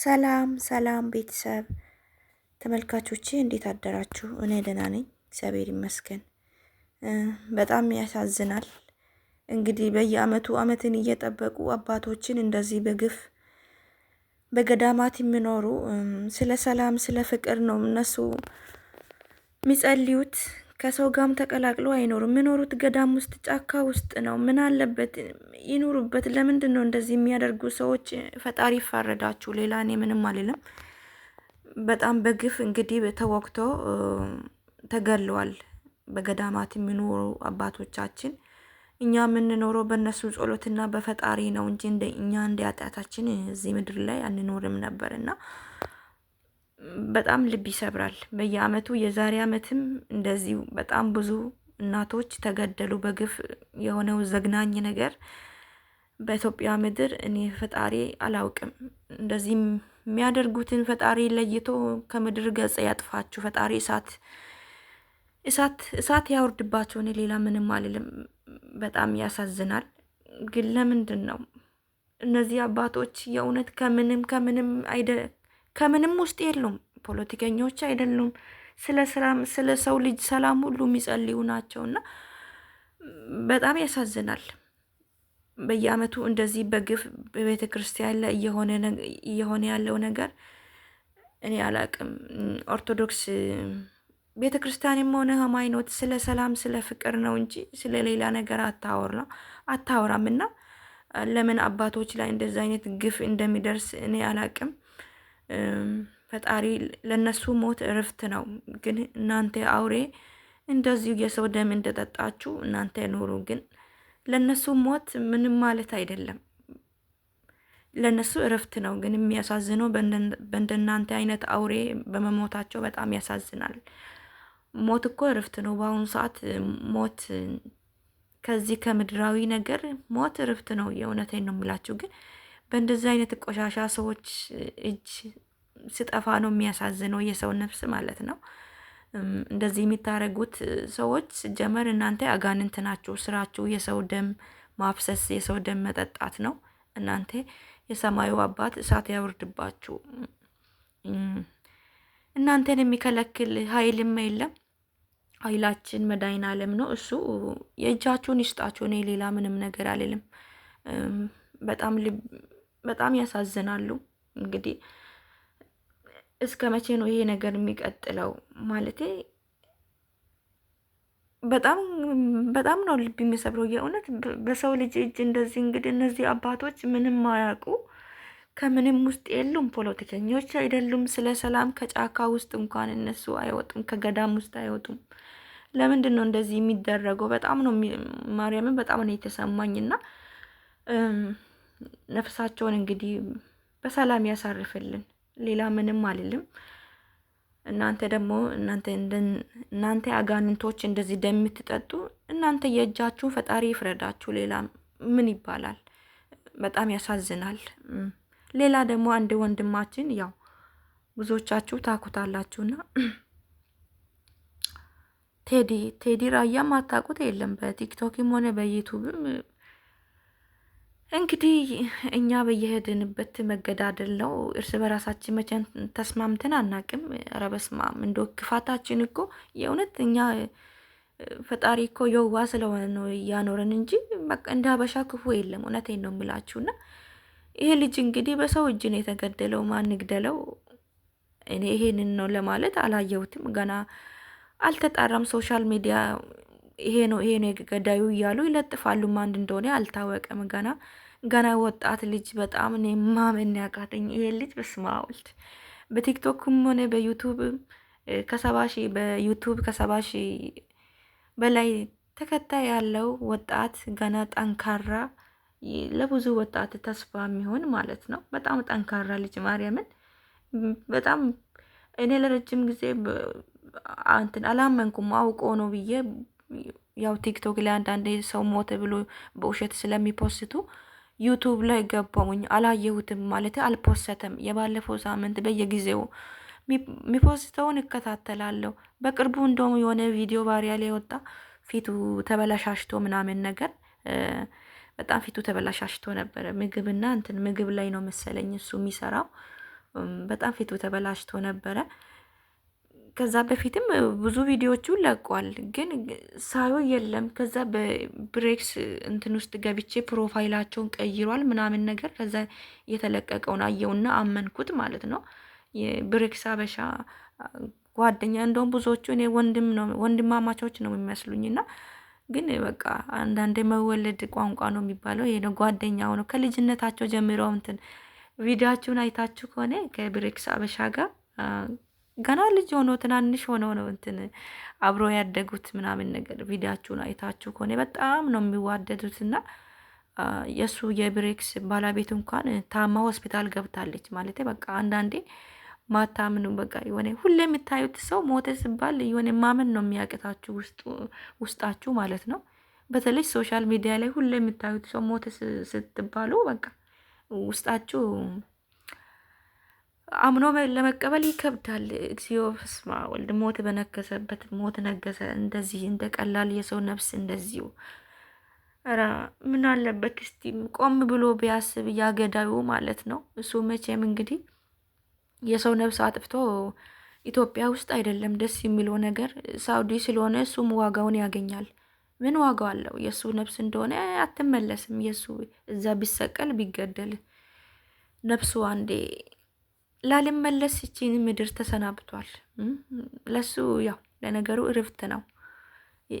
ሰላም ሰላም ቤተሰብ ተመልካቾቼ እንዴት አደራችሁ? እኔ ደህና ነኝ፣ እግዚአብሔር ይመስገን። በጣም ያሳዝናል። እንግዲህ በየአመቱ አመትን እየጠበቁ አባቶችን እንደዚህ በግፍ በገዳማት የሚኖሩ ስለ ሰላም ስለ ፍቅር ነው እነሱ የሚጸልዩት ከሰው ጋም ተቀላቅሎ አይኖሩም። የሚኖሩት ገዳም ውስጥ ጫካ ውስጥ ነው። ምን አለበት ይኑሩበት። ለምንድን ነው እንደዚህ የሚያደርጉ ሰዎች? ፈጣሪ ይፋረዳችሁ። ሌላ እኔ ምንም አልልም። በጣም በግፍ እንግዲህ ተወግቶ ተገለዋል። በገዳማት የሚኖሩ አባቶቻችን እኛ የምንኖረው በእነሱ ጸሎትና በፈጣሪ ነው እንጂ እኛ እንደ ኃጢአታችን እዚህ ምድር ላይ አንኖርም ነበር እና በጣም ልብ ይሰብራል። በየአመቱ የዛሬ አመትም እንደዚሁ በጣም ብዙ እናቶች ተገደሉ በግፍ የሆነው ዘግናኝ ነገር በኢትዮጵያ ምድር። እኔ ፈጣሪ አላውቅም። እንደዚህ የሚያደርጉትን ፈጣሪ ለይቶ ከምድር ገጽ ያጥፋችሁ። ፈጣሪ እሳት እሳት እሳት ያወርድባቸው። እኔ ሌላ ምንም አልልም። በጣም ያሳዝናል። ግን ለምንድን ነው እነዚህ አባቶች የእውነት ከምንም ከምንም አይደ ከምንም ውስጥ የሉም። ፖለቲከኞች አይደሉም። ስለ ስራም ስለ ሰው ልጅ ሰላም ሁሉ የሚጸልዩ ናቸው እና በጣም ያሳዝናል። በየአመቱ እንደዚህ በግፍ በቤተ ክርስቲያን ላይ እየሆነ ያለው ነገር እኔ አላቅም። ኦርቶዶክስ ቤተ ክርስቲያንም ሆነ ሃይማኖት ስለ ሰላም ስለ ፍቅር ነው እንጂ ስለ ሌላ ነገር አታወራ አታወራም እና ለምን አባቶች ላይ እንደዚህ አይነት ግፍ እንደሚደርስ እኔ አላቅም። ፈጣሪ ለነሱ ሞት እርፍት ነው። ግን እናንተ አውሬ እንደዚሁ የሰው ደም እንደጠጣችሁ እናንተ ኑሩ። ግን ለነሱ ሞት ምንም ማለት አይደለም፣ ለነሱ እርፍት ነው። ግን የሚያሳዝነው በእንደናንተ አይነት አውሬ በመሞታቸው በጣም ያሳዝናል። ሞት እኮ እርፍት ነው። በአሁኑ ሰዓት ሞት ከዚህ ከምድራዊ ነገር ሞት እርፍት ነው። የእውነቴን ነው የምላችሁ ግን በእንደዚህ አይነት ቆሻሻ ሰዎች እጅ ስጠፋ ነው የሚያሳዝነው፣ የሰው ነፍስ ማለት ነው። እንደዚህ የሚታረጉት ሰዎች ጀመር እናንተ አጋንንት ናችሁ። ስራችሁ የሰው ደም ማፍሰስ፣ የሰው ደም መጠጣት ነው። እናንተ የሰማዩ አባት እሳት ያወርድባችሁ። እናንተን የሚከለክል ኃይልም የለም። ኃይላችን መድኃኔ ዓለም ነው። እሱ የእጃችሁን ይስጣችሁ። እኔ ሌላ ምንም ነገር አልልም። በጣም በጣም ያሳዝናሉ። እንግዲህ እስከ መቼ ነው ይሄ ነገር የሚቀጥለው? ማለቴ በጣም በጣም ነው ልብ የሚሰብረው የእውነት በሰው ልጅ እጅ እንደዚህ እንግዲህ እነዚህ አባቶች ምንም አያውቁ ከምንም ውስጥ የሉም። ፖለቲከኞች አይደሉም። ስለ ሰላም ከጫካ ውስጥ እንኳን እነሱ አይወጡም፣ ከገዳም ውስጥ አይወጡም። ለምንድን ነው እንደዚህ የሚደረገው? በጣም ነው ማርያምን፣ በጣም ነው የተሰማኝና ነፍሳቸውን እንግዲህ በሰላም ያሳርፍልን። ሌላ ምንም አልልም። እናንተ ደግሞ እናንተ አጋንንቶች እንደዚህ ደም የምትጠጡ እናንተ የእጃችሁን ፈጣሪ ይፍረዳችሁ። ሌላ ምን ይባላል? በጣም ያሳዝናል። ሌላ ደግሞ አንድ ወንድማችን ያው ብዙዎቻችሁ ታኩታላችሁና ቴዲ ቴዲ ራያ ማታቁት የለም። በቲክቶክም ሆነ በዩቱብም እንግዲህ እኛ በየሄድንበት መገዳደል ነው። እርስ በራሳችን መቼን ተስማምተን አናቅም። ኧረ በስመ አብ እንደ ክፋታችን እኮ የእውነት እኛ ፈጣሪ እኮ የዋ ስለሆነ ነው እያኖረን እንጂ እንደ ሀበሻ ክፉ የለም። እውነቴን ነው የምላችሁና ይሄ ልጅ እንግዲህ በሰው እጅ ነው የተገደለው። ማን ግደለው? እኔ ይሄንን ነው ለማለት አላየሁትም። ገና አልተጣራም። ሶሻል ሚዲያ ይሄ ነው ይሄ ነው ገዳዩ እያሉ ይለጥፋሉ። ማን እንደሆነ አልታወቀም ገና ገና ወጣት ልጅ በጣም እኔ ማመን ያቃተኝ ይሄ ልጅ በስመ አብ ወልድ። በቲክቶክም ሆነ በዩቱብ ከሰባ በዩቱብ ከሰባ በላይ ተከታይ ያለው ወጣት ገና ጠንካራ ለብዙ ወጣት ተስፋ የሚሆን ማለት ነው። በጣም ጠንካራ ልጅ ማርያምን በጣም እኔ ለረጅም ጊዜ እንትን አላመንኩም አውቆ ነው ብዬ ያው ቲክቶክ ላይ አንዳንዴ ሰው ሞተ ብሎ በውሸት ስለሚፖስቱ ዩቱብ ላይ ገባውኝ አላየሁትም ማለት አልፖሰተም። የባለፈው ሳምንት በየጊዜው ሚፖስተውን እከታተላለሁ። በቅርቡ እንደውም የሆነ ቪዲዮ ባሪያ ላይ ወጣ ፊቱ ተበላሻሽቶ ምናምን ነገር በጣም ፊቱ ተበላሻሽቶ ነበረ። ምግብና እንትን ምግብ ላይ ነው መሰለኝ እሱ የሚሰራው። በጣም ፊቱ ተበላሽቶ ነበረ። ከዛ በፊትም ብዙ ቪዲዮዎቹ ለቋል፣ ግን ሳዩ የለም። ከዛ በብሬክስ እንትን ውስጥ ገብቼ ፕሮፋይላቸውን ቀይሯል ምናምን ነገር ከዛ የተለቀቀውን አየውና አመንኩት ማለት ነው። የብሬክስ አበሻ ጓደኛ እንደውም ብዙዎቹ እኔ ወንድም ነው ወንድማማቾች ነው የሚመስሉኝና ግን በቃ አንዳንዴ መወለድ ቋንቋ ነው የሚባለው። ይሄ ነው ጓደኛ ሆነው ከልጅነታቸው ጀምረው እንትን ቪዲዮአችሁን አይታችሁ ከሆነ ከብሬክስ አበሻ ጋር ገና ልጅ ሆኖ ትናንሽ ሆኖ ነው እንትን አብሮ ያደጉት ምናምን ነገር ቪዲያችሁን አይታችሁ ከሆነ በጣም ነው የሚዋደዱት። እና የእሱ የብሬክስ ባለቤት እንኳን ታማ ሆስፒታል ገብታለች ማለት በቃ አንዳንዴ ማታምኑ በቃ የሆነ ሁሌ የምታዩት ሰው ሞተ ሲባል የሆነ ማመን ነው የሚያቅታችሁ ውስጣችሁ ማለት ነው። በተለይ ሶሻል ሚዲያ ላይ ሁሌ የምታዩት ሰው ሞተ ስትባሉ በቃ ውስጣችሁ አምኖ ለመቀበል ይከብዳል። እግዚኦ ስማ ወልድ ሞት በነገሰበት ሞት ነገሰ። እንደዚህ እንደ ቀላል የሰው ነፍስ እንደዚሁ ኧረ ምን አለበት እስቲ ቆም ብሎ ቢያስብ እያገዳዩ ማለት ነው። እሱ መቼም እንግዲህ የሰው ነፍስ አጥፍቶ ኢትዮጵያ ውስጥ አይደለም ደስ የሚለው ነገር ሳውዲ ስለሆነ እሱም ዋጋውን ያገኛል። ምን ዋጋው አለው? የእሱ ነፍስ እንደሆነ አትመለስም። የእሱ እዛ ቢሰቀል ቢገደል ነፍሱ አንዴ ላልመለስ ይቺን ምድር ተሰናብቷል። ለሱ ያው ለነገሩ እርፍት ነው።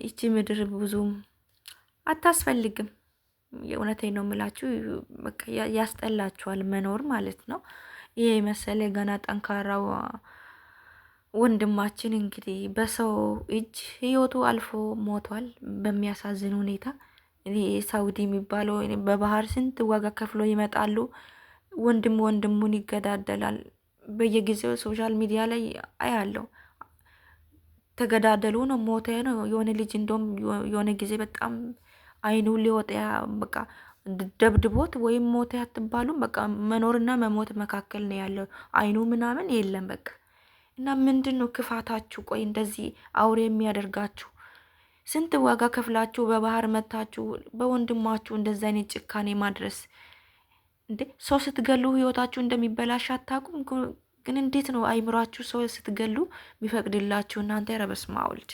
ይቺ ምድር ብዙም አታስፈልግም። የእውነቴ ነው የምላችሁ፣ ያስጠላችኋል መኖር ማለት ነው። ይሄ የመሰለ ገና ጠንካራ ወንድማችን እንግዲህ በሰው እጅ ህይወቱ አልፎ ሞቷል በሚያሳዝን ሁኔታ። ሳውዲ የሚባለው በባህር ስንት ዋጋ ከፍሎ ይመጣሉ። ወንድም ወንድሙን ይገዳደላል። በየጊዜው ሶሻል ሚዲያ ላይ አያለው። ተገዳደሉ ነው፣ ሞተ ነው። የሆነ ልጅ እንደውም የሆነ ጊዜ በጣም አይኑ ሊወጣ በቃ ደብድቦት ወይም ሞተ አትባሉም። በቃ መኖርና መሞት መካከል ነው ያለው። አይኑ ምናምን የለም በቃ እና ምንድን ነው ክፋታችሁ? ቆይ እንደዚህ አውሬ የሚያደርጋችሁ ስንት ዋጋ ከፍላችሁ በባህር መታችሁ በወንድማችሁ እንደዚህ አይነት ጭካኔ ማድረስ እንዴ ሰው ስትገሉ ህይወታችሁ እንደሚበላሽ አታውቁም? ግን እንዴት ነው አይምሯችሁ ሰው ስትገሉ የሚፈቅድላችሁ? እናንተ ረበስ ወልድ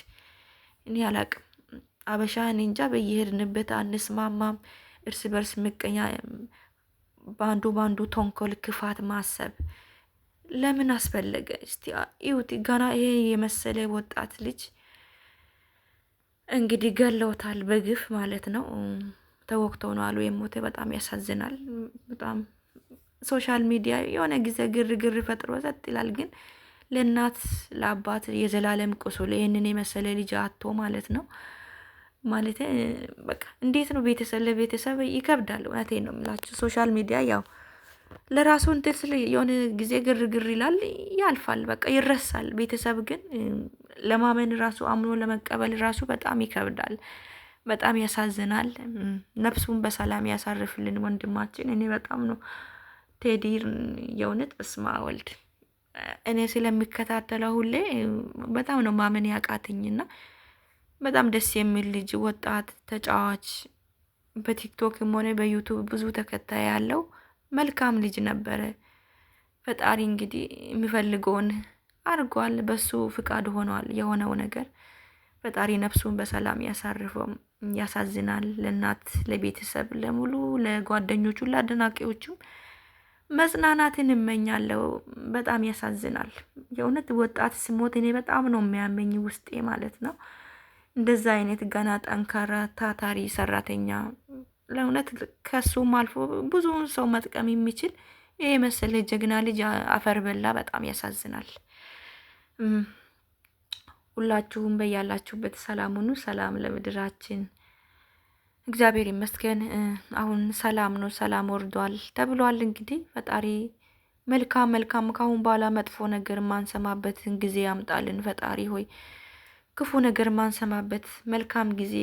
እኔ አላቅም። አበሻ እኔ እንጃ። በየሄድንበት አንስማማም። እርስ በርስ ምቀኛ፣ በአንዱ በአንዱ ተንኮል፣ ክፋት ማሰብ ለምን አስፈለገ? እስቲ ይሁት ገና ይሄ የመሰለ ወጣት ልጅ እንግዲህ ገለውታል፣ በግፍ ማለት ነው። ተወቅተው ነው አሉ የሞተ። በጣም ያሳዝናል። በጣም ሶሻል ሚዲያ የሆነ ጊዜ ግርግር ፈጥሮ ጸጥ ይላል። ግን ለእናት ለአባት የዘላለም ቁስል ይህንን የመሰለ ልጅ አቶ ማለት ነው ማለት በቃ እንዴት ነው ቤተሰብ ለቤተሰብ ይከብዳል። እውነቴን ነው የምላችሁ። ሶሻል ሚዲያ ያው ለራሱ እንትን ስል የሆነ ጊዜ ግርግር ይላል፣ ያልፋል፣ በቃ ይረሳል። ቤተሰብ ግን ለማመን ራሱ አምኖ ለመቀበል ራሱ በጣም ይከብዳል። በጣም ያሳዝናል። ነፍሱን በሰላም ያሳርፍልን ወንድማችን። እኔ በጣም ነው ቴዲ የእውነት እስማ ወልድ እኔ ስለሚከታተለው ሁሌ በጣም ነው ማመን ያቃተኝና በጣም ደስ የሚል ልጅ ወጣት ተጫዋች በቲክቶክም ሆነ በዩቱብ ብዙ ተከታይ ያለው መልካም ልጅ ነበረ። ፈጣሪ እንግዲህ የሚፈልገውን አድርጓል። በሱ ፍቃድ ሆኗል የሆነው ነገር ፈጣሪ ነፍሱን በሰላም ያሳርፈው። ያሳዝናል። ለእናት ለቤተሰብ፣ ለሙሉ ለጓደኞቹ፣ ለአድናቂዎቹም መጽናናትን እመኛለሁ። በጣም ያሳዝናል። የእውነት ወጣት ስሞት እኔ በጣም ነው የሚያመኝ ውስጤ ማለት ነው። እንደዛ አይነት ገና ጠንካራ ታታሪ ሰራተኛ ለእውነት ከሱም አልፎ ብዙውን ሰው መጥቀም የሚችል ይህ መሰለ ጀግና ልጅ አፈር በላ። በጣም ያሳዝናል። ሁላችሁም በያላችሁበት ሰላም ሁኑ። ሰላም ለምድራችን እግዚአብሔር ይመስገን። አሁን ሰላም ነው፣ ሰላም ወርዷል ተብሏል። እንግዲህ ፈጣሪ መልካም መልካም ካሁን በኋላ መጥፎ ነገር ማንሰማበትን ጊዜ ያምጣልን። ፈጣሪ ሆይ ክፉ ነገር ማንሰማበት መልካም ጊዜ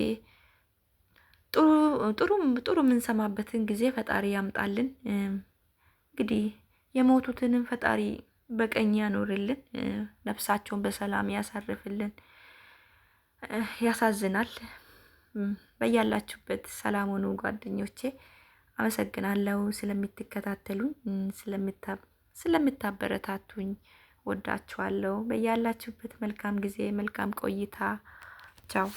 ጥሩ ጥሩ የምንሰማበትን ጊዜ ፈጣሪ ያምጣልን። እንግዲህ የሞቱትንም ፈጣሪ በቀኝ ያኖርልን፣ ነፍሳቸውን በሰላም ያሳርፍልን። ያሳዝናል። በያላችሁበት ሰላም ሆኑ ጓደኞቼ። አመሰግናለሁ ስለምትከታተሉኝ፣ ስለምታበረታቱኝ። ወዳችኋለሁ። በያላችሁበት መልካም ጊዜ፣ መልካም ቆይታ። ቻው